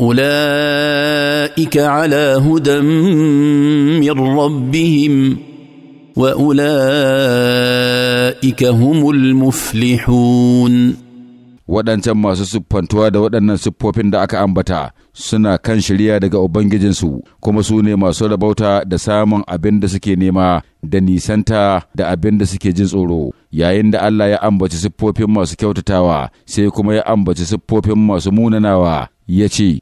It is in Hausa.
اولئك على هدى من ربهم واولئك هم المفلحون waɗancan masu siffantuwa da waɗannan siffofin da aka ambata suna kan shirya daga Ubangijinsu kuma su ne masu rabauta da samun abin da suke nema da nisanta da abin da suke jin tsoro yayin da Allah ya ambaci siffofin masu kyautatawa sai kuma ya ambaci siffofin masu munanawa ya ce